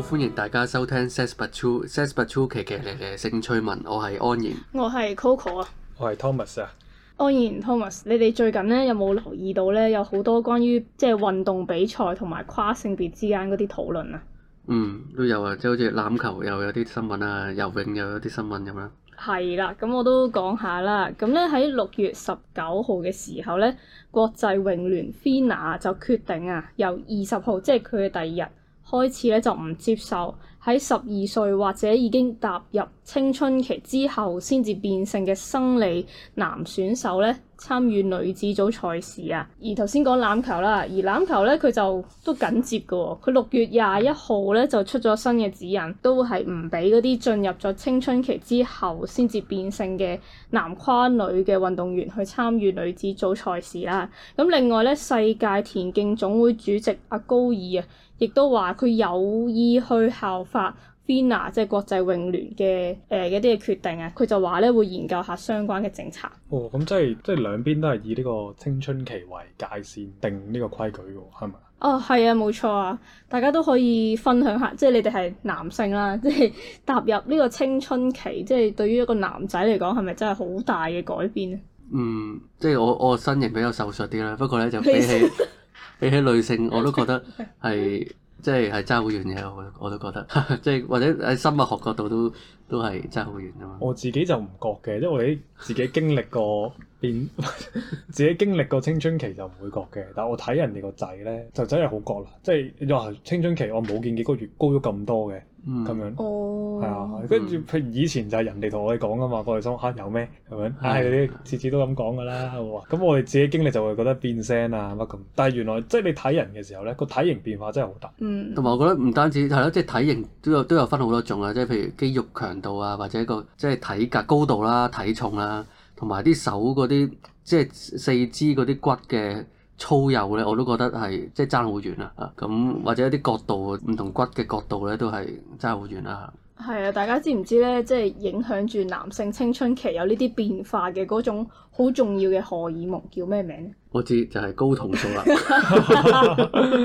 好，歡迎大家收聽《Sex But True》，《Sex But True》奇奇咧嘅興趣文，我係安然，我係 Coco 啊，我係 Thomas 啊，安然 Thomas，你哋最近咧有冇留意到咧有好多關於即係運動比賽同埋跨性別之間嗰啲討論啊？嗯，都有啊，即係好似欖球又有啲新聞啊，游泳又有啲新聞咁、啊、樣。係啦，咁我都講下啦。咁咧喺六月十九號嘅時候咧，國際泳聯 FINA 就決定啊，由二十號即係佢嘅第二日。開始咧就唔接受喺十二歲或者已經踏入青春期之後先至變性嘅生理男選手咧，參與女子組賽事啊！而頭先講欖球啦，而欖球咧佢就都緊接嘅喎、哦。佢六月廿一號咧就出咗新嘅指引，都係唔俾嗰啲進入咗青春期之後先至變性嘅男跨女嘅運動員去參與女子組賽事啦。咁另外咧，世界田徑總會主席阿高爾啊，亦都話佢有意去效法。邊啊？即係國際泳聯嘅誒一啲嘅決定啊，佢就話咧會研究下相關嘅政策。哦，咁即係即係兩邊都係以呢個青春期為界線定呢個規矩嘅喎，係咪？哦，係啊，冇錯啊，大家都可以分享下，即係你哋係男性啦，即係踏入呢個青春期，即係對於一個男仔嚟講，係咪真係好大嘅改變咧？嗯，即係我我身形比較瘦削啲啦，不過咧就比起 比起女性我都覺得係。 即係係差好遠嘅，我我都覺得，即 係或者喺生物學角度都都係差好遠啊嘛。我自己就唔覺嘅，因為我哋自己經歷過變， 自己經歷過青春期就唔會覺嘅。但我睇人哋個仔咧，就真係好覺啦。即係話、啊、青春期，我冇見幾個月高咗咁多嘅。嗯，咁樣，哦，係啊，跟住、啊，譬如、嗯、以前就係人哋同我哋講噶嘛，我哋想嚇、啊、有咩咁樣？啲次、啊哎、呀次都咁講噶啦，哇！咁我哋自己經歷就會覺得變聲啊乜咁，但係原來即係、就是、你睇人嘅時候咧，個體型變化真係好大。嗯，同埋我覺得唔單止係咯、啊，即係體型都有都有分好多種啊，即係譬如肌肉強度啊，或者個即係體格高度啦、啊、體重啦、啊，同埋啲手嗰啲即係四肢嗰啲骨嘅。粗幼咧，我都覺得係即係爭好遠啦。咁、啊、或者一啲角度，唔同骨嘅角度咧，都係爭好遠啦。啊。係啊，大家知唔知咧？即係影響住男性青春期有呢啲變化嘅嗰種好重要嘅荷爾蒙叫咩名咧？我知就係睾酮素啦。睾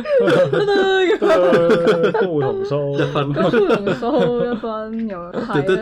酮 素， 同素 一分，睾酮 素一分有，有係咯。咁就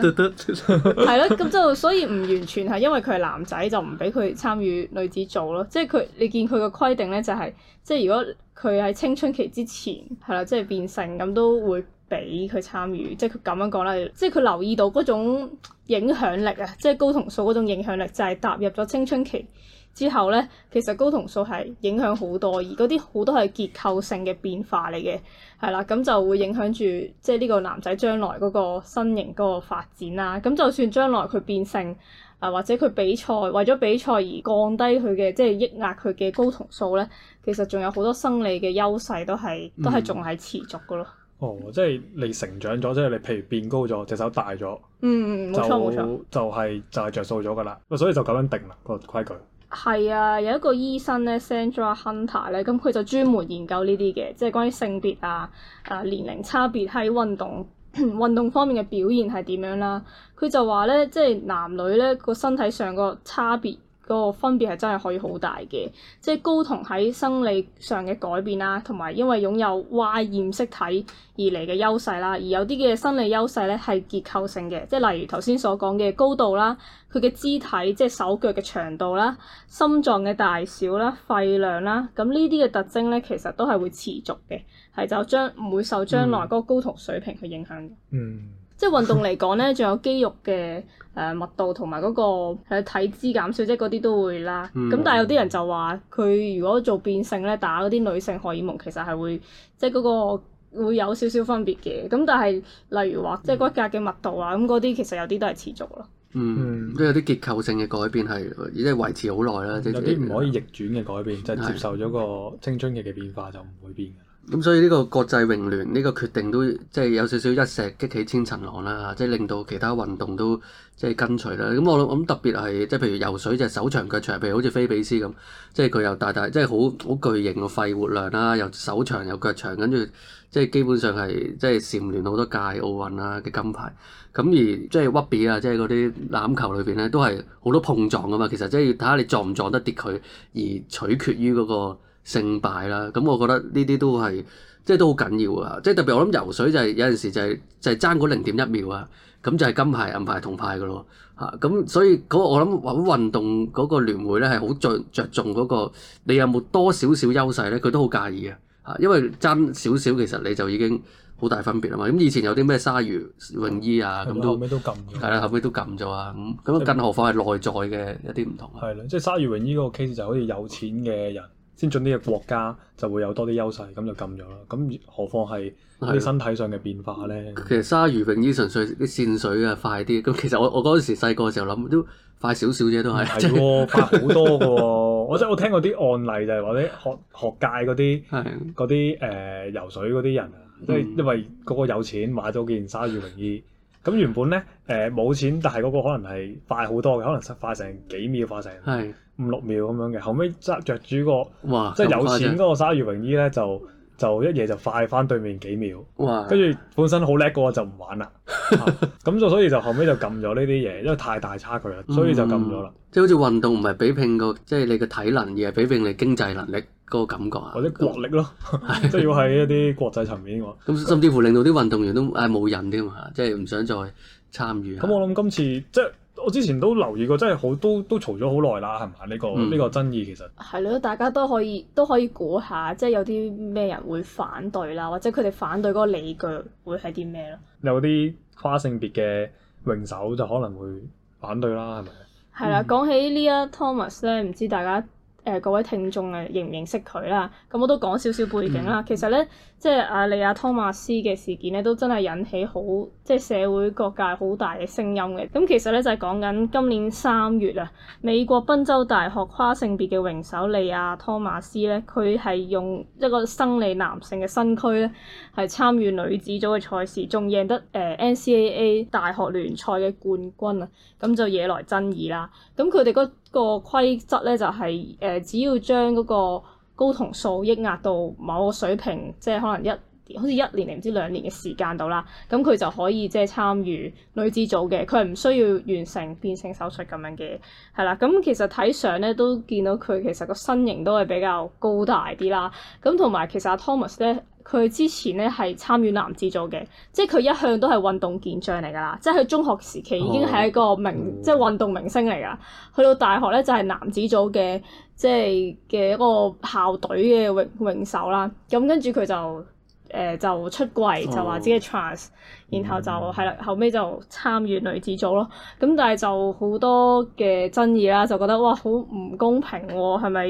對 對所以唔完全係因為佢係男仔就唔俾佢參與女子做咯。即係佢，你見佢個規定咧就係、是，即係如果佢喺青春期之前係啦，即係、就是、變性咁都會。俾佢參與，即係佢咁樣講啦，即係佢留意到嗰種影響力啊，即係睾酮素嗰種影響力，就係、是、踏入咗青春期之後呢。其實睾酮素係影響好多，而嗰啲好多係結構性嘅變化嚟嘅，係啦，咁就會影響住即係呢個男仔將來嗰個身形嗰個發展啦。咁就算將來佢變性啊、呃，或者佢比賽為咗比賽而降低佢嘅即係抑壓佢嘅睾酮素呢，其實仲有好多生理嘅優勢都係都係仲係持續嘅咯。嗯哦，即係你成長咗，即係你譬如變高咗，隻手大咗，嗯，冇錯冇錯，就係就係着數咗噶啦，所以就咁樣定啦個規矩。係啊，有一個醫生咧，Sandra Hunter 咧，咁佢就專門研究呢啲嘅，即係關於性別啊啊年齡差別喺運動 運動方面嘅表現係點樣啦。佢就話咧，即係男女咧個身體上個差別。個分別係真係可以好大嘅，即係睾酮喺生理上嘅改變啦，同埋因為擁有 Y 染色體而嚟嘅優勢啦，而有啲嘅生理優勢咧係結構性嘅，即係例如頭先所講嘅高度啦，佢嘅肢體即係手腳嘅長度啦、心臟嘅大小啦、肺量啦，咁呢啲嘅特徵咧其實都係會持續嘅，係就將唔會受將來嗰個睾酮水平去影響嘅。嗯。嗯。即係運動嚟講咧，仲有肌肉嘅誒、呃、密度同埋嗰個體脂減少，即係嗰啲都會啦。咁、嗯、但係有啲人就話，佢如果做變性咧，打嗰啲女性荷爾蒙，其實係會即係嗰個會有少少分別嘅。咁但係例如話，即係骨骼嘅密度啊，咁嗰啲其實有啲都係持續咯。嗯，都、嗯、有啲結構性嘅改變係，即係維持好耐啦。有啲唔可以逆轉嘅改變，的就係接受咗個青春期嘅變化就唔會變。咁、嗯、所以呢個國際泳聯呢個決定都即係有少少一石激起千層浪啦嚇，即係令到其他運動都即係跟隨啦。咁、嗯、我諗特別係即係譬如游水就手長腳長，譬如好似菲比斯咁，即係佢又大大即係好好巨型嘅肺活量啦，又手長又腳長，跟住即係基本上係即係蟬聯好多屆奧運啦嘅金牌。咁而即係屈比啊，即係嗰啲欖球裏邊咧都係好多碰撞㗎嘛，其實即係要睇下你撞唔撞得跌佢，而取決於嗰、那個，勝敗啦，咁我覺得呢啲都係即係都好緊要啊！即係特別我諗游水就係、是、有陣時就係、是、就係爭嗰零點一秒啊，咁就係金牌銀牌銅牌噶咯嚇咁，所以嗰、那個我諗揾運動嗰個聯會咧係好著着重嗰個你有冇多少少優勢咧，佢都好介意嘅嚇、啊，因為爭少少其實你就已經好大分別啊嘛！咁以前有啲咩鯊魚泳衣啊咁、嗯嗯、都後尾都係啦，後尾都禁咗啊咁，咁、啊嗯、更何況係內在嘅一啲唔同啊，係咯，即係鯊魚泳衣嗰個 case 就好似有錢嘅人。東西先進啲嘅國家就會有多啲優勢，咁就禁咗啦。咁何況係啲身體上嘅變化咧？其實鯊魚泳衣純粹啲線水嘅快啲。咁其實我我嗰陣時細個嘅時候諗都快少少啫，都係係快好多嘅、哦。我即係我聽過啲案例就係話啲學學界嗰啲嗰啲誒游水嗰啲人啊，都、嗯、因為嗰個有錢買咗件鯊魚泳衣。咁原本咧誒冇錢，但係嗰個可能係快好多嘅，可能快成幾秒快成係。五六秒咁樣嘅，後尾揸著住個嘩即係有錢嗰個鯊魚泳衣咧，就就一嘢就快翻對面幾秒，跟住嘩本身好叻嘅我就唔玩啦。咁就 所以就後尾就撳咗呢啲嘢，因為太大差距啦，所以就撳咗啦。即係好似運動唔係比拼個即係你嘅體能，而係比拼你經濟能力個感覺啊？或者國力咯， 即係要喺一啲國際層面嘅。咁 甚至乎令到啲運動員都誒冇癮添啊，即係唔想再參與。咁我諗今次即係。我之前都留意過，真係好都都嘈咗好耐啦，係咪？呢、呢個呢、嗯、個爭議其實係咯，大家都可以都可以估下，即係有啲咩人會反對啦，或者佢哋反對嗰個理據會係啲咩咯？有啲跨性別嘅泳手就可能會反對啦，係咪？係啦，講起呢 Lia Thomas 咧，唔知大家誒、呃、各位聽眾誒認唔認識佢啦？咁我都講少少背景啦，嗯、其實咧。即係阿利亞·托馬斯嘅事件咧，都真係引起好即係社會各界好大嘅聲音嘅。咁其實咧就係講緊今年三月啊，美國賓州大學跨性別嘅泳手利亞·托馬斯咧，佢係用一個生理男性嘅身軀咧，係參與女子組嘅賽事，仲贏得誒 NCAA 大學聯賽嘅冠軍啊，咁就惹來爭議啦。咁佢哋嗰個規則咧就係、是、誒、呃，只要將嗰、那個高同數抑壓到某個水平，即係可能一好似一年嚟唔知兩年嘅時間到啦，咁佢就可以即係參與女子組嘅，佢係唔需要完成變性手術咁樣嘅，係啦，咁其實睇相咧都見到佢其實個身形都係比較高大啲啦，咁同埋其實阿、啊、Thomas 咧。佢之前咧係參與男子組嘅，即係佢一向都係運動健將嚟㗎啦，即係佢中學時期已經係一個明，oh. 即係運動明星嚟㗎。去到大學咧就係、是、男子組嘅，即係嘅一個校隊嘅泳泳手啦。咁跟住佢就誒、呃、就出櫃，就話自己 trans。Oh. 然後就係啦，mm hmm. 後尾就參與女子組咯。咁但係就好多嘅爭議啦，就覺得哇，好唔公平喎、哦，係咪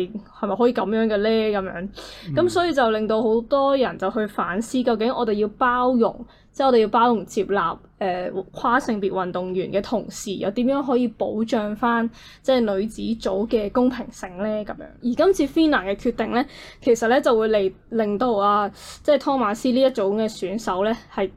係咪可以咁樣嘅咧？咁樣咁、mm hmm. 所以就令到好多人就去反思，究竟我哋要包容，即、就、係、係、我哋要包容接納誒跨性別運動員嘅同時，又點樣可以保障翻即係女子組嘅公平性咧？咁樣而今次 Fina 嘅決定咧，其實咧就會嚟令到啊，即係湯馬斯呢一組嘅選手咧係。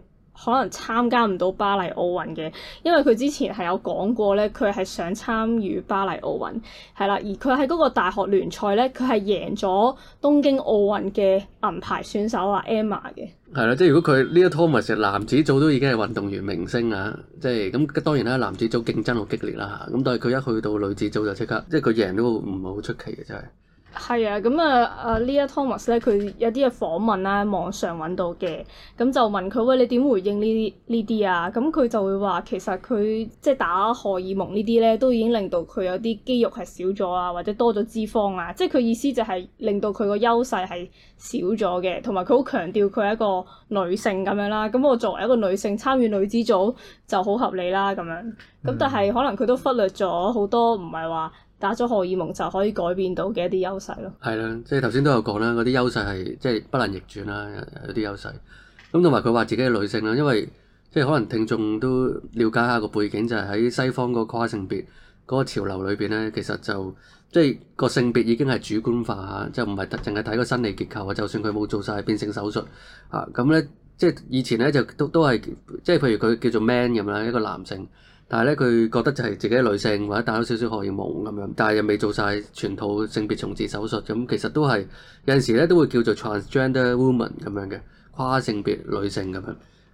可能參加唔到巴黎奧運嘅，因為佢之前係有講過咧，佢係想參與巴黎奧運，係啦。而佢喺嗰個大學聯賽咧，佢係贏咗東京奧運嘅銀牌選手啊 Emma 嘅。係啦，即係如果佢呢個 Thomas，男子組都已經係運動員明星啊！即係咁當然啦，男子組競爭好激烈啦嚇。咁但係佢一去到女子組就即刻，即係佢贏都唔係好出奇嘅，真係。係啊，咁啊啊，Lia Thomas 咧，佢有啲嘅訪問啦，網上揾到嘅，咁就問佢喂，你點回應呢啲呢啲啊？咁佢就會話其實佢即係打荷爾蒙呢啲咧，都已經令到佢有啲肌肉係少咗啊，或者多咗脂肪啊，即係佢意思就係令到佢個優勢係少咗嘅，同埋佢好強調佢係一個女性咁樣啦。咁我作為一個女性參與女子組就好合理啦咁樣。咁但係可能佢都忽略咗好多唔係話。打咗荷爾蒙就可以改變到嘅一啲優勢咯。係啦，即係頭先都有講啦，嗰啲優勢係即係不能逆轉啦，有啲優勢。咁同埋佢話自己係女性啦，因為即係可能聽眾都了解下個背景，就係、是、喺西方個跨性別嗰、那個潮流裏邊咧，其實就即係個性別已經係主觀化，即係唔係淨係睇個生理結構啊。就算佢冇做晒變性手術啊，咁咧即係以前咧就都都係即係譬如佢叫做 man 咁啦，一個男性。但係咧，佢覺得就係自己係女性或者戴咗少少荷爾蒙咁樣，但係又未做晒全套性別重置手術，咁其實都係有陣時咧都會叫做 transgender woman 咁樣嘅跨性別女性咁樣。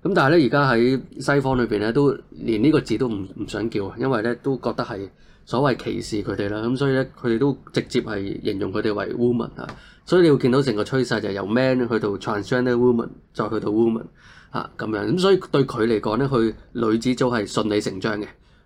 咁但係咧，而家喺西方裏邊咧，都連呢個字都唔唔想叫，因為咧都覺得係所謂歧視佢哋啦。咁所以咧，佢哋都直接係形容佢哋為 woman 啊。所以你會見到成個趨勢就係由 man 去到 transgender woman 再去到 woman。嚇咁樣，咁所以對佢嚟講咧，佢女子組係順理成章嘅，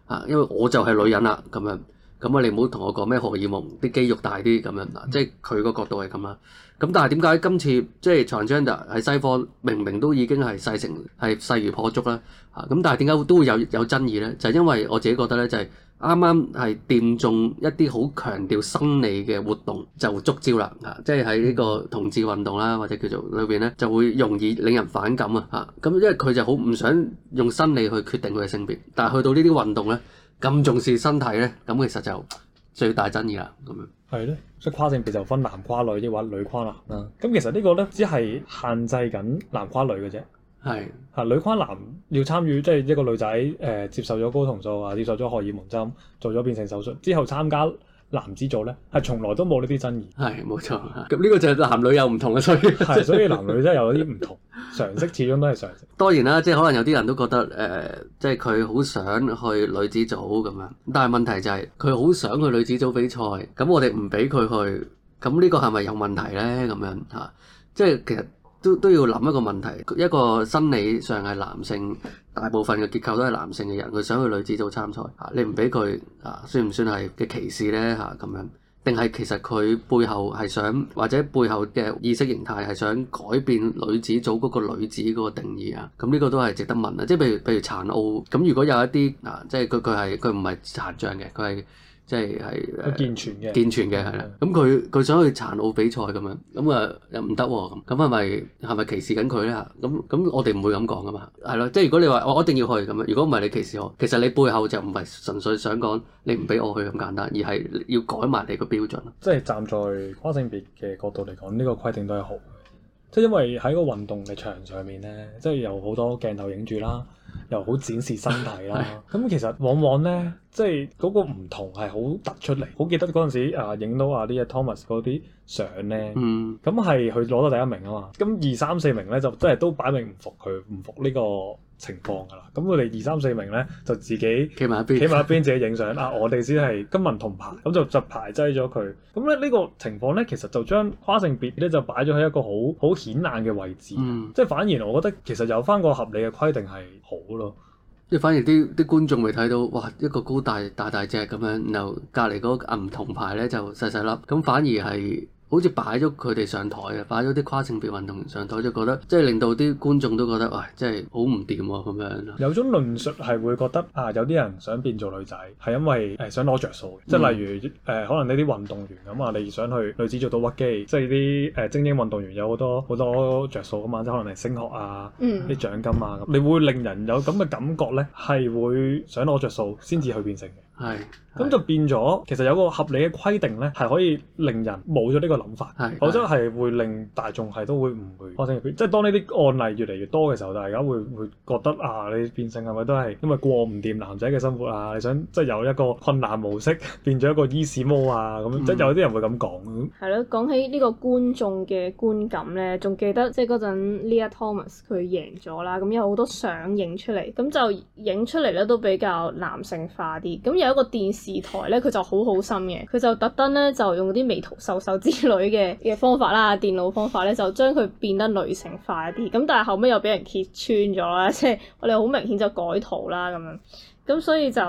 嚇，因為我就係女人啦，咁樣。咁啊，你唔好同我講咩荷爾蒙啲肌肉大啲咁樣嗱，即係佢個角度係咁啦。咁但係點解今次即係 transgender 喺西方明明都已經係勢成係勢如破竹啦，嚇、啊、咁但係點解都會有有爭議咧？就係、是、因為我自己覺得咧，就係啱啱係掂中一啲好強調生理嘅活動就觸礁啦，啊，即係喺呢個同志運動啦或者叫做裏邊咧就會容易令人反感啊，嚇、啊、咁因為佢就好唔想用生理去決定佢嘅性別，但係去到運呢啲運動咧。咁重視身體咧，咁其實就最大爭議啦。咁樣係咯，所以跨性別就分男跨女啲話，或者女跨男啦。咁、嗯、其實呢個咧，只係限制緊男跨女嘅啫。係啊的，女跨男要參與，即係一個女仔誒、呃，接受咗睾酮素啊，接受咗荷爾蒙針，做咗變性手術之後參加。男子組呢係從來都冇呢啲爭議，係冇錯。咁呢個就係男女有唔同嘅，所以係所以男女真係有啲唔同。常識始終都係常識。當然啦，即係可能有啲人都覺得，誒、呃，即係佢好想去女子組咁樣，但係問題就係佢好想去女子組比賽，咁我哋唔俾佢去，咁呢個係咪有問題呢？咁樣吓，即係其實都都要諗一個問題，一個生理上係男性。大部分嘅結構都係男性嘅人，佢想去女子組參賽，你唔俾佢，啊，算唔算係嘅歧視呢？嚇，咁樣，定係其實佢背後係想，或者背後嘅意識形態係想改變女子組嗰個女子嗰個定義啊？咁呢個都係值得問啊！即係譬如譬如殘奧，咁如果有一啲啊，即係佢佢係佢唔係殘障嘅，佢係。即係係健全嘅，健全嘅係啦。咁佢佢想去殘奧比賽咁樣，咁啊又唔得喎。咁咁係咪係咪歧視緊佢咧？咁咁我哋唔會咁講噶嘛。係咯，即係如果你話我一定要去咁樣，如果唔係你歧視我，其實你背後就唔係純粹想講你唔俾我去咁簡單，而係要改埋你個標準。即係站在跨性別嘅角度嚟講，呢個規定都係好。即係因為喺個運動嘅場上面咧，即係有好多鏡頭影住啦，又好展示身體啦。咁 是的、嗯、其實往往咧。即係嗰個唔同係好突出嚟，好記得嗰陣時啊，影到啊呢阿 Thomas 嗰啲相咧，咁係佢攞到第一名啊嘛。咁二三四名咧就真係都擺明唔服佢，唔服呢個情況㗎啦。咁佢哋二三四名咧就自己企埋一邊，企埋一邊自己影相。 啊，我哋先係金銀銅牌，咁就就排擠咗佢。咁咧呢個情況咧，其實就將跨性別咧就擺咗喺一個好好顯眼嘅位置。嗯、即係反而我覺得其實有翻個合理嘅規定係好咯。即係反而啲啲觀眾未睇到，哇！一個高大大大隻咁樣，然後隔離嗰銀銅牌咧就細細粒，咁反而係。好似擺咗佢哋上台啊，擺咗啲跨性別運動員上台就覺得，即係令到啲觀眾都覺得，喂，即係好唔掂喎咁樣。有種論述係會覺得啊，有啲人想變做女仔係因為誒、呃、想攞着數，即係例如誒、呃、可能你啲運動員咁啊，你想去女子做到屈機，即係啲誒精英運動員有好多，多好多着數啊嘛，即係可能係升學啊，啲、嗯、獎金啊，你會令人有咁嘅感覺咧，係會想攞着數先至去變成嘅。係，咁就變咗，其實有個合理嘅規定咧，係可以令人冇咗呢個諗法，否則係會令大眾係都會唔會，即係當呢啲案例越嚟越多嘅時候，大家會會覺得啊，你變性係咪都係因為過唔掂男仔嘅生活啊？你想即係有一個困難模式變咗一個伊斯摩啊咁，即係有啲人會咁講。係咯，講起呢個觀眾嘅觀感咧，仲記得即係嗰陣 Lea Thomas 佢贏咗啦，咁有好多相影出嚟，咁就影出嚟咧都比較男性化啲，咁又。有一個電視台咧，佢就好好心嘅，佢就特登咧就用啲美圖秀秀之類嘅嘅方法啦，電腦方法咧就將佢變得女性化啲。咁但係後尾又俾人揭穿咗啦，即係我哋好明顯就改圖啦咁樣。咁所以就，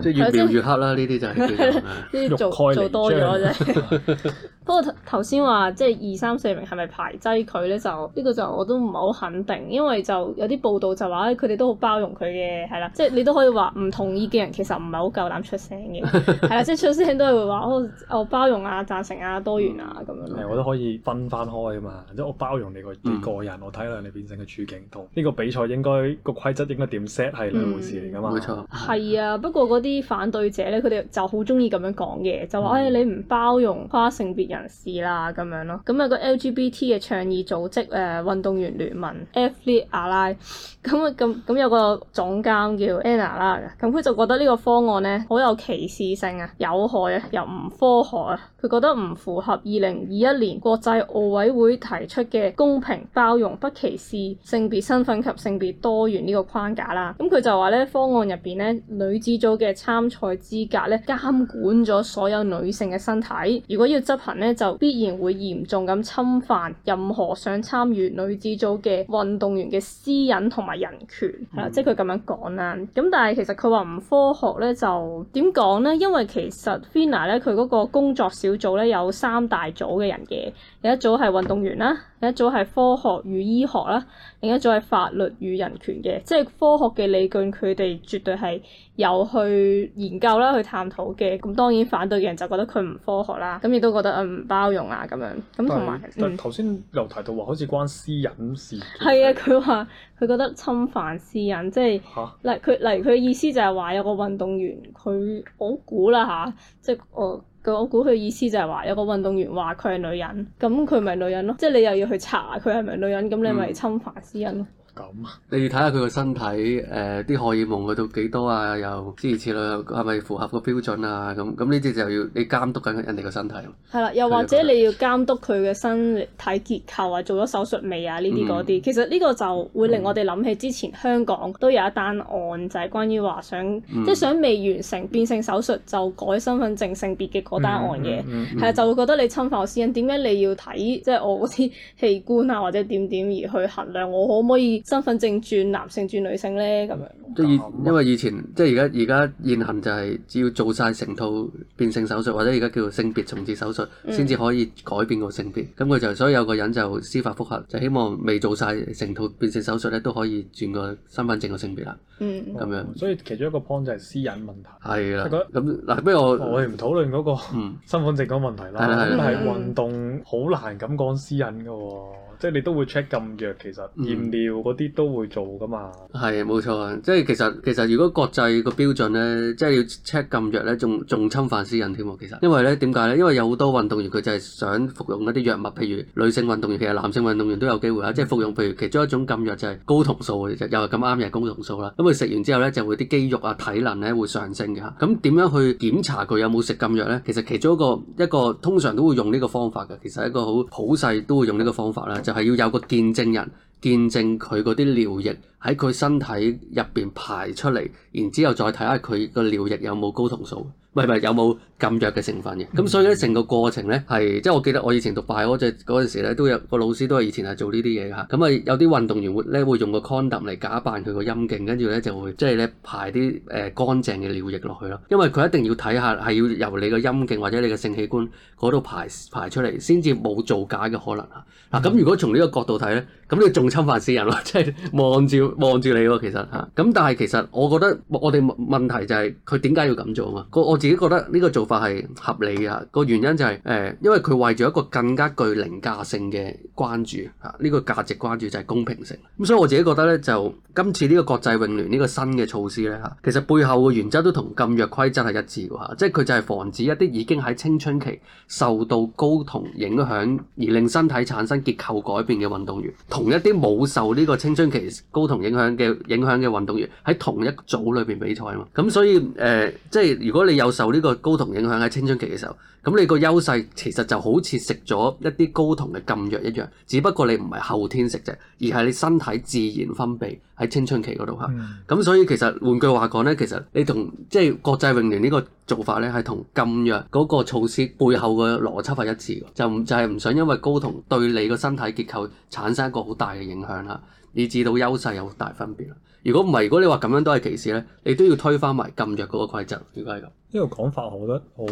就越變越黑啦，呢啲 就係呢啲做 做多咗啫。不過頭先話即係二三四名係咪排擠佢咧？就呢、呢個就我都唔係好肯定，因為就有啲報道就話佢哋都好包容佢嘅，係啦，即係你都可以話唔同意嘅人其實唔係好夠膽出聲嘅，係啦， 即係出聲都係會話哦，我包容啊，贊成啊，多元啊咁樣。係、嗯，我都可以分翻開噶嘛，即係我包容你個個人，嗯、我睇下你變成嘅處境同呢、呢個比賽應該、個規則應該點 set 係兩回事嚟噶嘛。冇、嗯、錯。係啊，不過嗰啲反對者咧，佢哋就好中意咁樣講嘅，就話誒、哎、你唔包容跨性別人士啦咁樣咯。咁有個 LGBT 嘅倡議組織誒、呃、運動員聯盟 Athlete Ally，咁啊咁咁有個總監叫 Anna 啦，咁佢就覺得呢個方案咧好有歧視性啊，有害啊，又唔科學啊，佢覺得唔符合二零二一年國際奧委會提出嘅公平、包容、不歧視性別身份及性別多元呢個框架啦。咁佢就話咧方案入邊咧。女子組嘅參賽資格咧，監管咗所有女性嘅身體。如果要執行咧，就必然會嚴重咁侵犯任何想參與女子組嘅運動員嘅私隱同埋人權。係、嗯啊、即係佢咁樣講啦。咁但係其實佢話唔科學咧，就點講呢？因為其實 Fina 咧，佢嗰個工作小組咧有三大組嘅人嘅，有一組係運動員啦，有一組係科學與醫學啦，另一組係法律與人權嘅。即係科學嘅理據，佢哋絕對係。有去研究啦，去探討嘅，咁當然反對嘅人就覺得佢唔科學啦，咁亦都覺得唔包容啊，咁樣咁同埋，頭先又提到話，好似關私隱事，係啊，佢話佢覺得侵犯私隱，即係嗱佢，例如佢嘅意思就係話有個運動員，佢我估啦吓，即係我，我估佢意思就係話有個運動員話佢係女人，咁佢咪女人咯，即係你又要去查佢係咪女人，咁你咪侵犯私隱咯。嗯咁，你要睇下佢個身體，誒、呃，啲荷爾蒙去到幾多啊？又諸如此類，係咪符合個標準啊？咁咁呢啲就要你監督緊人哋個身體。係啦，又或者你要監督佢嘅身體結構啊，做咗手術未啊？呢啲嗰啲，嗯、其實呢個就會令我哋諗起之前香港都有一單案，嗯、就係關於話想、嗯、即係想未完成變性手術就改身份證性別嘅嗰單案嘢。係啊、嗯嗯嗯嗯，就會覺得你侵犯私隱。點解你要睇即係我嗰啲器官啊，或者點點而去衡量我可唔可以？身份證轉男性轉女性呢？咁樣。即係以，因為以前即係而家而家現行就係，只要做晒成套變性手術，或者而家叫做性別重置手術，先至、嗯、可以改變個性別。咁佢就所以有個人就司法覆核，就希望未做晒成套變性手術呢都可以轉個身份證個性別啦。咁樣、嗯嗯。所以其中一個 point 就係私隱問題。係啦。咁嗱，不如我我哋唔討論嗰個身份證嗰個問題啦。係係係。運動好難咁講私隱㗎喎、啊。即係你都會 check 禁藥，其實驗尿嗰啲都會做噶嘛。係，冇錯啊。即係其實其實如果國際個標準咧，即係要 check 禁藥咧，仲仲侵犯私隱添喎。其實因為咧點解咧？因為有好多運動員佢就係想服用一啲藥物，譬如女性運動員其實男性運動員都有機會啊。即係服用譬如其中一種禁藥就係睾酮素又係咁啱嘅係睾酮素啦。咁佢食完之後咧就會啲肌肉啊體能咧會上升嘅嚇。咁點樣去檢查佢有冇食禁藥咧？其實其中一個一個通常都會用呢個方法嘅，其實一個好普世都會用呢個方法啦。係要有個見證人見證佢嗰啲尿液喺佢身體入邊排出嚟，然之後再睇下佢個尿液有冇睾酮素，唔係，唔係，有冇？禁藥嘅成分嘅，咁所以咧成個過程咧係，即係我記得我以前讀大學嗰陣時咧，都有個老師都係以前係做呢啲嘢噶，咁、嗯、啊有啲運動員會咧會用個 condom、um、嚟假扮佢個陰莖，跟住咧就會即係咧排啲誒、呃、乾淨嘅尿液落去咯，因為佢一定要睇下係要由你個陰莖或者你嘅性器官嗰度排排出嚟，先至冇造假嘅可能嚇。嗱、啊、咁如果從呢個角度睇咧，咁你仲侵犯死人咯，即係望住望住你喎，其實嚇。咁、啊、但係其實我覺得我哋問題就係佢點解要咁做啊？我我自己覺得呢個做法。話係合理嘅，個原因就係、是、誒，因為佢為咗一個更加具凌駕性嘅關注，嚇、這、呢個價值關注就係公平性。咁、嗯、所以我自己覺得呢，就今次呢個國際泳聯呢個新嘅措施呢，嚇，其實背後嘅原則都同禁藥規則係一致嘅，嚇，即係佢就係防止一啲已經喺青春期受到高酮影響而令身體產生結構改變嘅運動員，同一啲冇受呢個青春期高酮影響嘅影響嘅運動員喺同一組裏邊比賽嘛。咁、嗯、所以誒、呃，即係如果你有受呢個高酮影影響喺青春期嘅時候，咁你個優勢其實就好似食咗一啲睾酮嘅禁藥一樣，只不過你唔係後天食啫，而係你身體自然分泌喺青春期嗰度吓。咁、嗯、所以其實換句話講呢，其實你同即係國際泳聯呢個做法呢，係同禁藥嗰個措施背後嘅邏輯係一致嘅，就唔就係、是、唔想因為睾酮對你個身體結構產生一個好大嘅影響啦，以致到優勢有大分別啦。如果唔係，如果你話咁樣都係歧視咧，你都要推翻埋禁藥嗰個規則。如果係咁，呢個講法我覺得好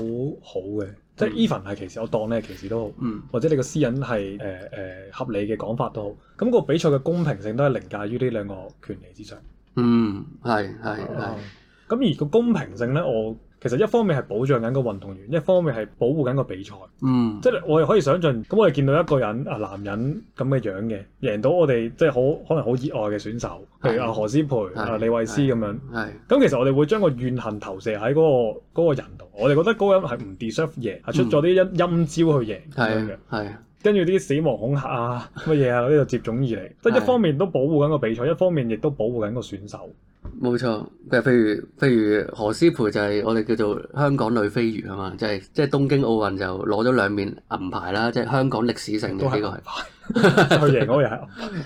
好嘅，嗯、即係 even 係歧視，我當你係歧視都好，嗯、或者你個私隱係誒誒合理嘅講法都好。咁、個比賽嘅公平性都係凌駕於呢兩個權利之上。嗯，係係係。咁、uh, 而個公平性咧，我。其實一方面係保障緊個運動員，一方面係保護緊個比賽。嗯，即係我哋可以想像咁，我哋見到一個人啊，男人咁嘅樣嘅贏到我哋即係好可能好熱愛嘅選手，譬如阿何詩蓓、阿是、啊、李慧詩咁樣。係。咁、嗯、其實我哋會將個怨恨投射喺嗰、那個那個人度，我哋覺得高欣係唔 deserve 贏，係出咗啲陰招去贏咁樣嘅。跟住啲死亡恐嚇啊，乜嘢啊呢度、啊、接踵而嚟，即係 一方面都保護緊個比賽，一方面亦都保護緊個選手。冇錯，譬如譬如何詩蓓就係我哋叫做香港女飛魚啊嘛，就係即係東京奧運就攞咗兩面銀牌啦，即係香港歷史性嘅呢個係。佢贏嗰日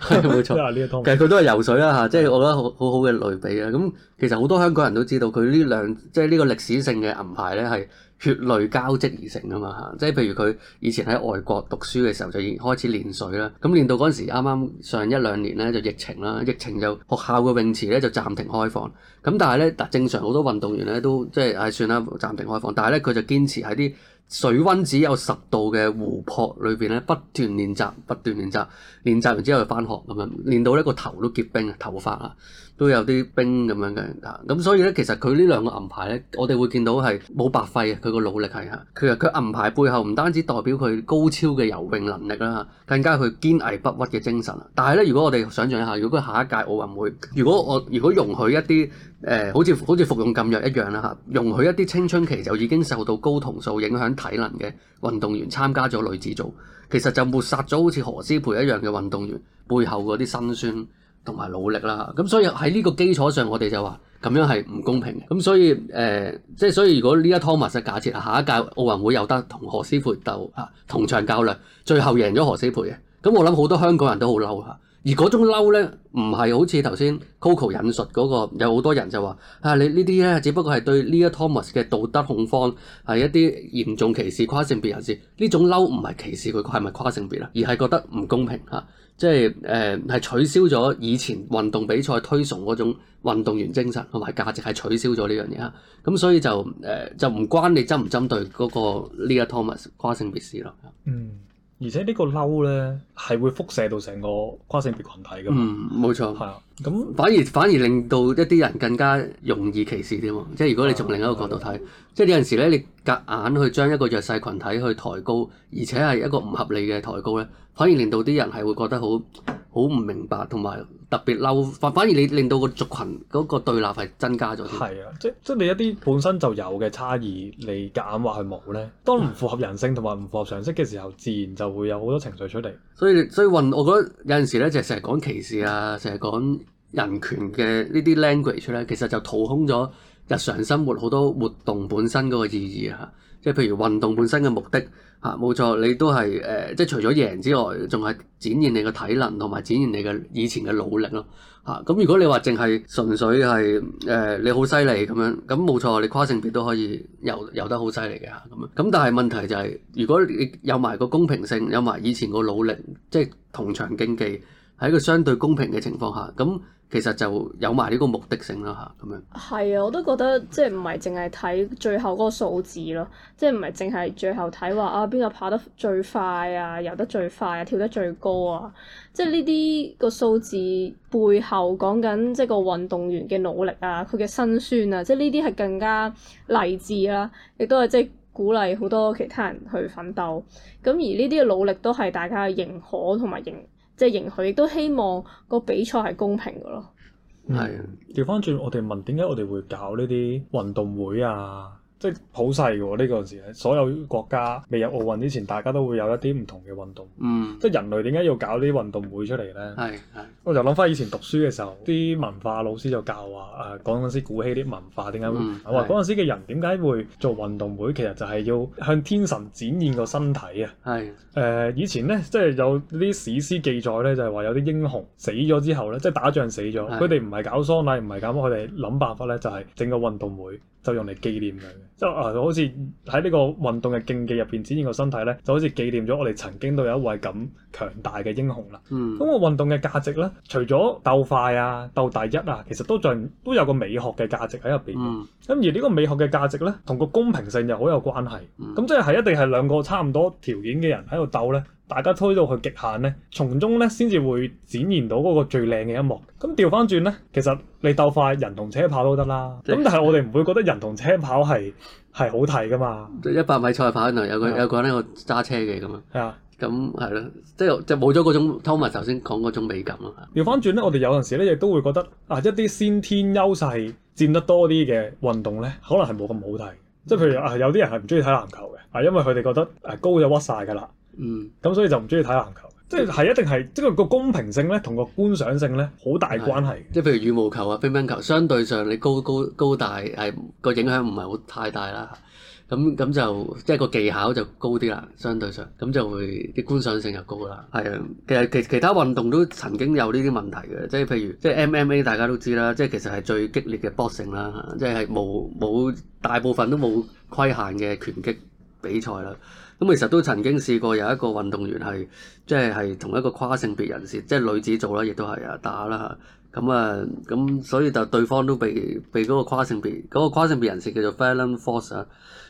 係冇錯， 其實佢都係游水啦、啊、吓，即係 我覺得好好好嘅類比啊。咁其實好多香港人都知道兩，佢呢兩即係呢個歷史性嘅銀牌呢係血淚交織而成㗎嘛吓。即、就、係、是、譬如佢以前喺外國讀書嘅時候，就已經開始練水啦。咁練到嗰陣時啱啱上一兩年呢就疫情啦，疫情就學校嘅泳池呢就暫停開放。咁但係呢，嗱正常好多運動員呢都即係唉算啦，暫停開放。但係呢，佢就堅、是、持喺啲。水溫只有十度嘅湖泊裏邊咧，不斷練習，不斷練習，練習完之後翻學咁樣，練到呢個頭都結冰，頭髮啊都有啲冰咁樣嘅，咁所以呢，其實佢呢兩個銀牌呢，我哋會見到係冇白費啊，佢個努力係啊，佢佢銀牌背後唔單止代表佢高超嘅游泳能力啦，更加係佢堅毅不屈嘅精神。但係呢，如果我哋想象一下，如果下一屆奧運會，如果我如果容許一啲。誒、呃，好似好似服用禁藥一樣啦，嚇、啊！容許一啲青春期就已經受到睾酮素影響體能嘅運動員參加咗女子組，其實就抹殺咗好似何詩蓓一樣嘅運動員背後嗰啲辛酸同埋努力啦，嚇、啊！咁所以喺呢個基礎上我，我哋就話咁樣係唔公平嘅。咁所以誒，即係所以，啊、所以如果呢一 Thomas 假設，下一屆奧運會有得同何詩蓓鬥啊，同場較量，最後贏咗何詩蓓嘅，咁、啊、我諗好多香港人都好嬲嚇。而嗰種嬲呢，唔係好似頭先 Coco 引述嗰、嗰個，有好多人就話：啊，你呢啲呢，只不過係對 Lia Thomas 嘅道德恐慌，係一啲嚴重歧視跨性別人士。呢種嬲唔係歧視佢，係咪跨性別啊？而係覺得唔公平嚇，即係誒係取消咗以前運動比賽推崇嗰種運動員精神同埋價值，係取消咗呢樣嘢嚇。咁、啊、所以就誒、呃、就唔關你針唔針對嗰個 Lia Thomas 跨性別事咯。嗯。而且呢個嬲呢，係會輻射到成個跨性別群體嘅，嗯，冇錯，係啊是，咁反而反而令到一啲人更加容易歧視添喎，即係如果你從另一個角度睇，的即係有陣時咧，你夾硬去將一個弱勢群體去抬高，而且係一個唔合理嘅抬高呢，反而令到啲人係會覺得好好唔明白，同埋。特別嬲，反反而你令到個族群嗰個對立係增加咗啲。係啊，即即係你一啲本身就有嘅差異，你夾硬話佢冇呢，當唔符合人性同埋唔符合常識嘅時候，自然就會有好多情緒出嚟，嗯。所以所以運，我覺得有陣時呢，就係成日講歧視啊，成日講人權嘅呢啲 language 呢，其實就掏空咗日常生活好多活動本身嗰個意義啊，即係譬如運動本身嘅目的。嚇，冇錯，你都係誒、呃，即係除咗贏之外，仲係展現你嘅體能同埋展現你嘅以前嘅努力咯。嚇、啊，咁如果你話淨係純粹係誒、呃，你好犀利咁樣，咁冇錯，你跨性別都可以游游得好犀利嘅嚇，咁樣。咁但係問題就係、是，如果你有埋個公平性，有埋以前個努力，即係同場競技。喺個相對公平嘅情況下，咁其實就有埋呢個目的性啦，吓咁樣。係啊，我都覺得即係唔係淨係睇最後嗰個數字咯，即係唔係淨係最後睇話啊邊個跑得最快啊，游得最快啊，跳得最高啊，即係呢啲個數字背後講緊即係個運動員嘅努力啊，佢嘅辛酸啊，即係呢啲係更加勵志啦，亦都係即係鼓勵好多其他人去奮鬥。咁而呢啲嘅努力都係大家嘅認可同埋認。即係認佢，亦都希望個比賽係公平嘅咯。係，調返轉，我哋問點解我哋會搞呢啲運動會啊？即係好細嘅喎，呢個陣時，所有國家未入奧運之前，大家都會有一啲唔同嘅運動。嗯，即係人類點解要搞啲運動會出嚟咧？係，我就諗返以前讀書嘅時候，啲文化老師就教話誒，講嗰陣時古希臘啲文化點解，話嗰陣時嘅人點解會做運動會，其實就係要向天神展現個身體啊。係是，誒、呃、以前咧，即係有啲史詩記載咧，就係、是、話有啲英雄死咗之後咧，即係打仗死咗，佢哋唔係搞喪禮，唔係咁，佢哋諗辦法咧，就係整個運動會。就用嚟紀念佢嘅，即係啊，好似喺呢個運動嘅競技入邊展現個身體咧，就好似紀念咗我哋曾經都有一位咁強大嘅英雄啦。咁、嗯、個運動嘅價值咧，除咗鬥快啊、鬥第一啊，其實都在都有個美學嘅價值喺入邊。咁、嗯、而呢個美學嘅價值咧，同個公平性又好有關係。咁、嗯、即係係一定係兩個差唔多條件嘅人喺度鬥咧。大家推到去極限咧，從中咧先至會展現到嗰個最靚嘅一幕。咁調翻轉咧，其實你鬥快人同車跑都得啦。咁、就是、但係我哋唔會覺得人同車跑係係好睇噶嘛。一百米賽跑嗱，有個人有個咧，我揸車嘅咁啊。咁係咯，即係就冇咗嗰種 Thomas 頭先講嗰種美感啦。調翻轉咧，我哋有陣時咧亦都會覺得啊，一啲先天優勢佔得多啲嘅運動咧，可能係冇咁好睇。即係譬如啊，有啲人係唔中意睇籃球嘅啊，因為佢哋覺得誒高就屈晒噶啦。嗯，咁所以就唔中意睇籃球，即、就、係、是、一定係即係個公平性咧，同個觀賞性咧，好大關係。即係、嗯就是、譬如羽毛球啊、乒乓球，相對上你高高高大係個影響唔係好太大啦。咁咁就即係個技巧就高啲啦，相對上咁就會啲觀賞性就高啦。係啊，其實其其他運動都曾經有呢啲問題嘅，即係譬如即係 MMA，大家都知啦，即係其實係最激烈嘅 boxing 啦，即係冇冇大部分都冇規限嘅拳擊比賽啦。咁其實都曾經試過有一個運動員係即係係同一個跨性別人士，即係女子組啦，亦都係啊打啦嚇。咁啊咁，所以就對方都被被嗰個跨性別嗰個跨性別人士叫做 Fallon Fox 啊，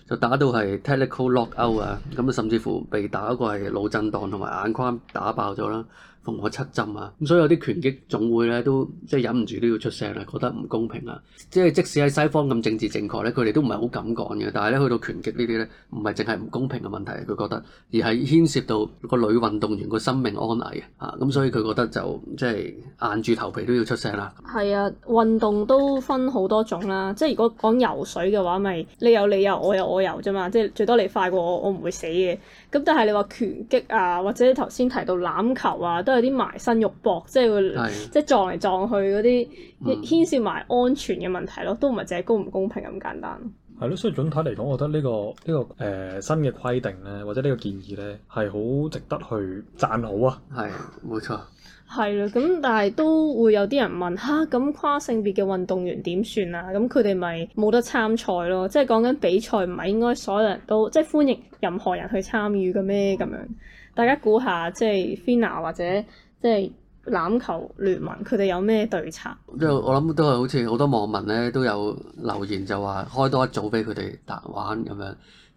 就打到係 technical knockout 啊，咁甚至乎被打一個係腦震盪同埋眼眶打爆咗啦。縫我七針啊！咁所以有啲拳擊總會咧都即係忍唔住都要出聲啦，覺得唔公平啊。即係即使喺西方咁政治正確咧，佢哋都唔係好敢講嘅。但係咧去到拳擊呢啲咧，唔係淨係唔公平嘅問題，啊，佢覺得而係牽涉到個女運動員個生命安危啊！咁、啊、所以佢覺得就即係硬住頭皮都要出聲啦、啊。係啊，運動都分好多種啦。即係如果講游水嘅話，咪、就係、你有你遊，我有我遊啫嘛。即係最多你快過我，我唔會死嘅。咁但係你話拳擊啊，或者頭先提到欖球啊，都有啲埋身肉搏，即係會係即係撞嚟撞去嗰啲、嗯、牽涉埋安全嘅問題咯，都唔係淨係公唔公平咁簡單。係咯，所以總體嚟講，我覺得呢、呢個呢、呢個誒、呃、新嘅規定咧，或者呢個建議咧，係好值得去讚好啊。係，冇錯。係啦，咁但係都會有啲人問吓，咁、啊、跨性別嘅運動員點算啊？咁佢哋咪冇得參賽咯？即係講緊比賽唔係應該所有人都即係歡迎任何人去參與嘅咩？咁樣大家估下，即係 Fina 或者即係欖球聯盟佢哋有咩對策？即係我諗都係好似好多網民咧都有留言就話開多一組俾佢哋打玩咁樣。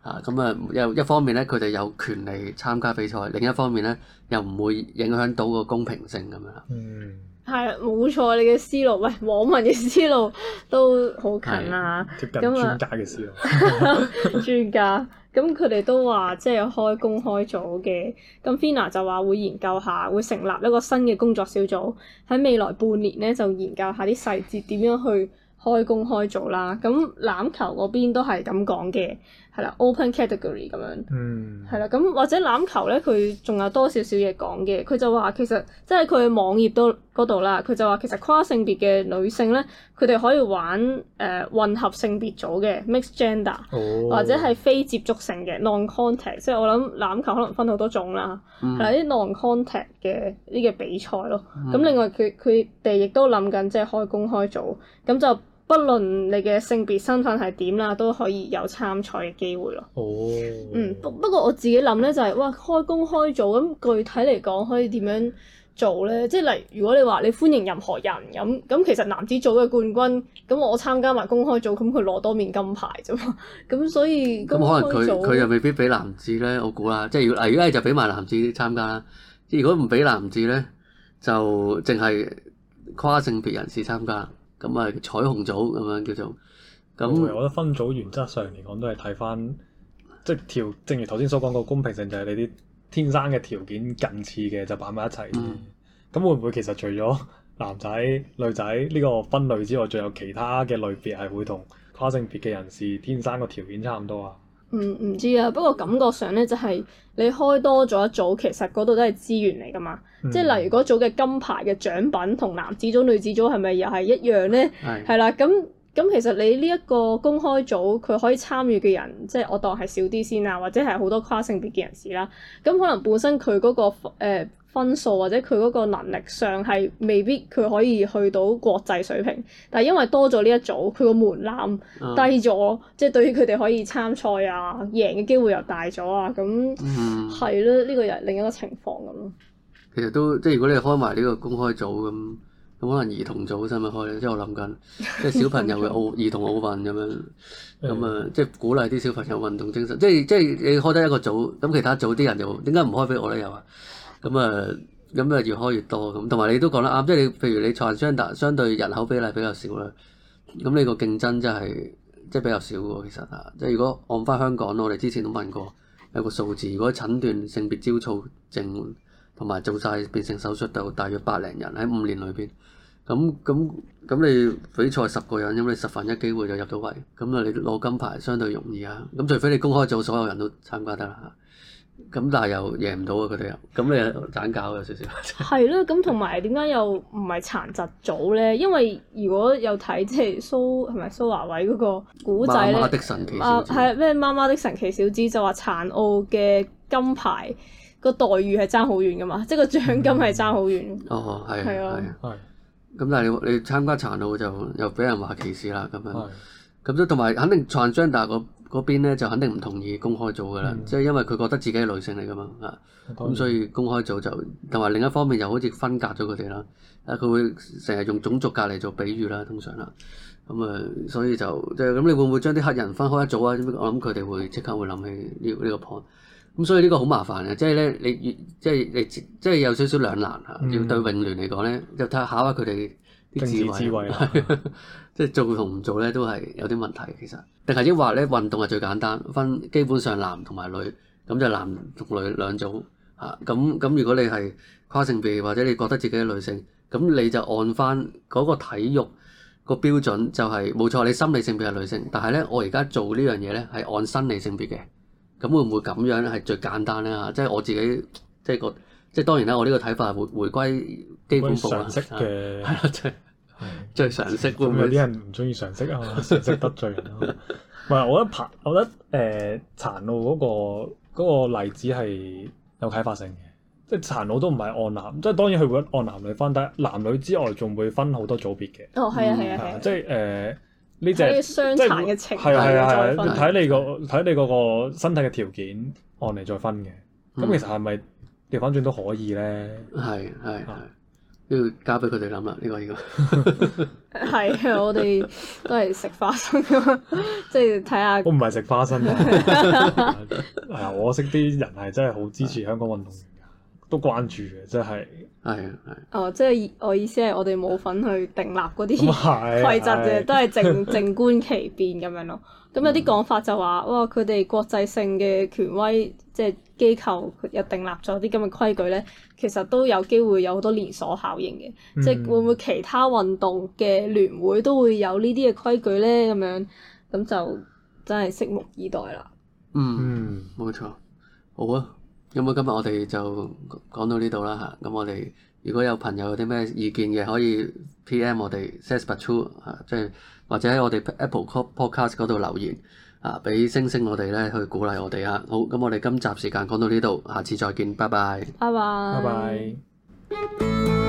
啊，咁啊，又一方面咧，佢哋有權利參加比賽；另一方面咧，又唔會影響到個公平性咁樣。嗯，係冇錯，你嘅思路，喂，網民嘅思路都好近啦、啊。接近專家嘅思路。 專家，咁佢哋都話即係開公開組嘅。咁 Fina 就話會研究下，會成立一個新嘅工作小組，喺未來半年咧就研究下啲細節，點樣去開公開組啦。咁欖球嗰邊都係咁講嘅。係啦，open category 咁樣，嗯，係啦，咁或者欖球咧，佢仲有多少少嘢講嘅。佢就話其實即係佢網頁都度啦，佢就話其實跨性別嘅女性咧，佢哋可以玩誒、呃、混合性別組嘅 mixed gender、哦、或者係非接觸性嘅 non contact。Cont act，哦、即係我諗欖球可能分好多種啦，係啲、嗯、non contact 嘅呢個比賽咯。咁、嗯、另外佢佢哋亦都諗緊即係開公開組，咁就。不論你嘅性別身份係點啦，都可以有參賽嘅機會咯。哦，嗯，不不過我自己諗呢就係、是，哇，開公開組咁具體嚟講可以點樣做呢？即係例如，如果你話你歡迎任何人咁，咁其實男子組嘅冠軍，咁我參加埋公開組，咁佢攞多面金牌啫嘛。咁所以咁、嗯、可能佢佢又未必俾男子呢？我估啦，即係要，例如咧就俾埋男子參加啦。即係如果唔俾男子呢，就淨係跨性別人士參加。咁啊，彩虹組咁樣叫做咁。我覺得分組原則上嚟講，都係睇翻即係條。正如頭先所講個公平性，就係你啲天生嘅條件近似嘅就擺埋一齊。咁、嗯、會唔會其實除咗男仔、女仔呢個分類之外，仲有其他嘅類別係會同跨性別嘅人士天生個條件差唔多啊？唔唔知啊，不過感覺上咧就係、是、你開多咗一組，其實嗰度都係資源嚟㗎嘛。嗯、即係例如嗰組嘅金牌嘅獎品同男子組、女子組係咪又係一樣咧？係啦的，咁咁其實你呢一個公開組佢可以參與嘅人，即係我當係少啲先啊，或者係好多跨性別嘅人士啦。咁可能本身佢嗰、那個、呃分數或者佢嗰個能力上係未必佢可以去到國際水平，但係因為多咗呢一組，佢個門檻低咗，嗯、即係對於佢哋可以參賽啊，贏嘅機會又大咗啊，咁係咯，呢個又另一個情況咁咯。其實都即係如果你係開埋呢個公開組咁，咁可能兒童組使唔使開咧？即係我諗緊，即係 小朋友嘅奧兒童奧運咁樣，咁啊， 即係鼓勵啲小朋友運動精神。即係即係你開得一個組，咁其他組啲人就點解唔開俾我咧？又啊～咁啊，咁啊、嗯嗯、越開越多咁，同埋你都講得啱，即係你譬如你財商，嗱相對人口比例比較少啦，咁你個競爭真係即係比較少喎，其實啊，即係如果按翻香港，我哋之前都問過有個數字，如果診斷性別焦躁症，同埋做晒變性手術，就大約百零人喺五年裏邊，咁咁咁你比賽十個人，咁你十分一機會就入到圍，咁啊你攞金牌相對容易啊，咁除非你公開組，所有人都參加得啦。咁但係又贏唔到啊！佢哋又咁你又掙教有少少。係咯， 咁同埋點解又唔係殘疾組咧？因為如果有睇即係蘇係咪蘇華偉嗰個古仔咧？媽媽的神奇小子。啊，係咩？媽媽的神奇小子就話殘奧嘅金牌個待遇係爭好遠噶嘛，即係個獎金係爭好遠。 哦，係係係。咁但係你你參加殘奧就又俾人話歧視啦咁樣。係的。咁都同埋肯定殘障，大係個。嗰邊咧就肯定唔同意公開組噶啦，即係、嗯、因為佢覺得自己係女性嚟噶嘛，啊咁然、嗯、所以公開組就同埋另一方面就好似分隔咗佢哋啦，啊佢會成日用種族隔離做比喻啦，通常啦，咁啊所以就即係咁，你會唔會將啲黑人分開一組啊？我諗佢哋會即刻會諗起呢、這、呢個 point，咁、這個啊、所以呢個好麻煩嘅、啊，即係咧你即係、就是、你即係、就是、有少少兩難嚇、啊，嗯、要對泳聯嚟講咧，就睇下考下佢哋啲智慧。 即係做同唔做咧，都係有啲問題。其實，定係應話咧，運動係最簡單。分基本上男同埋女，咁就男同女兩組嚇。咁、啊、咁，如果你係跨性別或者你覺得自己係女性，咁、啊、你就按翻嗰個體育個標準、就是，就係冇錯。你心理性別係女性，但係咧，我而家做呢樣嘢咧，係按生理性別嘅。咁會唔會咁樣咧？係最簡單咧嚇。即係我自己，即係個，即係當然啦。我呢個睇法回回歸基本法啦。係、啊、啦，即、啊、係。啊啊啊即最常識咁，有啲人唔中意常識啊嘛，常識得罪人。唔係，我覺得爬，我覺得誒，殘奧嗰個嗰個例子係有啟發性嘅。即係殘奧都唔係按男，即係當然佢會按男女分，但男女之外仲會分好多組別嘅。哦，係啊，係啊。即係誒，呢隻即係傷殘嘅情況啊，再分。係啊係啊，睇你個睇你嗰個身體嘅條件，按嚟再分嘅。咁其實係咪掉返轉都可以咧？係係。要交俾佢哋諗啦，呢個呢個係 我哋都係食花生噶嘛，即係睇下。我唔係食花生啊！係啊，我識啲人係真係好支持香港運動員，都關注嘅，真係係啊係。哦，即係我意思係，我哋冇份去訂立嗰啲規則嘅，都係靜靜觀其變咁樣咯。 咁、嗯、有啲講法就話，哇！佢哋國際性嘅權威，即係機構又訂立咗啲咁嘅規矩咧，其實都有機會有好多連鎖效應嘅。嗯、即係會唔會其他運動嘅聯會都會有呢啲嘅規矩咧？咁樣咁就真係拭目以待啦。嗯，冇錯，好啊。咁今日我哋就講到呢度啦嚇。咁、啊、我哋如果有朋友有啲咩意見嘅，可以 PM 我哋 Sasputo 嚇，即係。或者喺我哋 Apple Podcast 嗰度留言啊，俾星星我哋咧去鼓勵我哋啊。好，咁我哋今集時間講到呢度，下次再見，拜拜。拜拜。拜拜。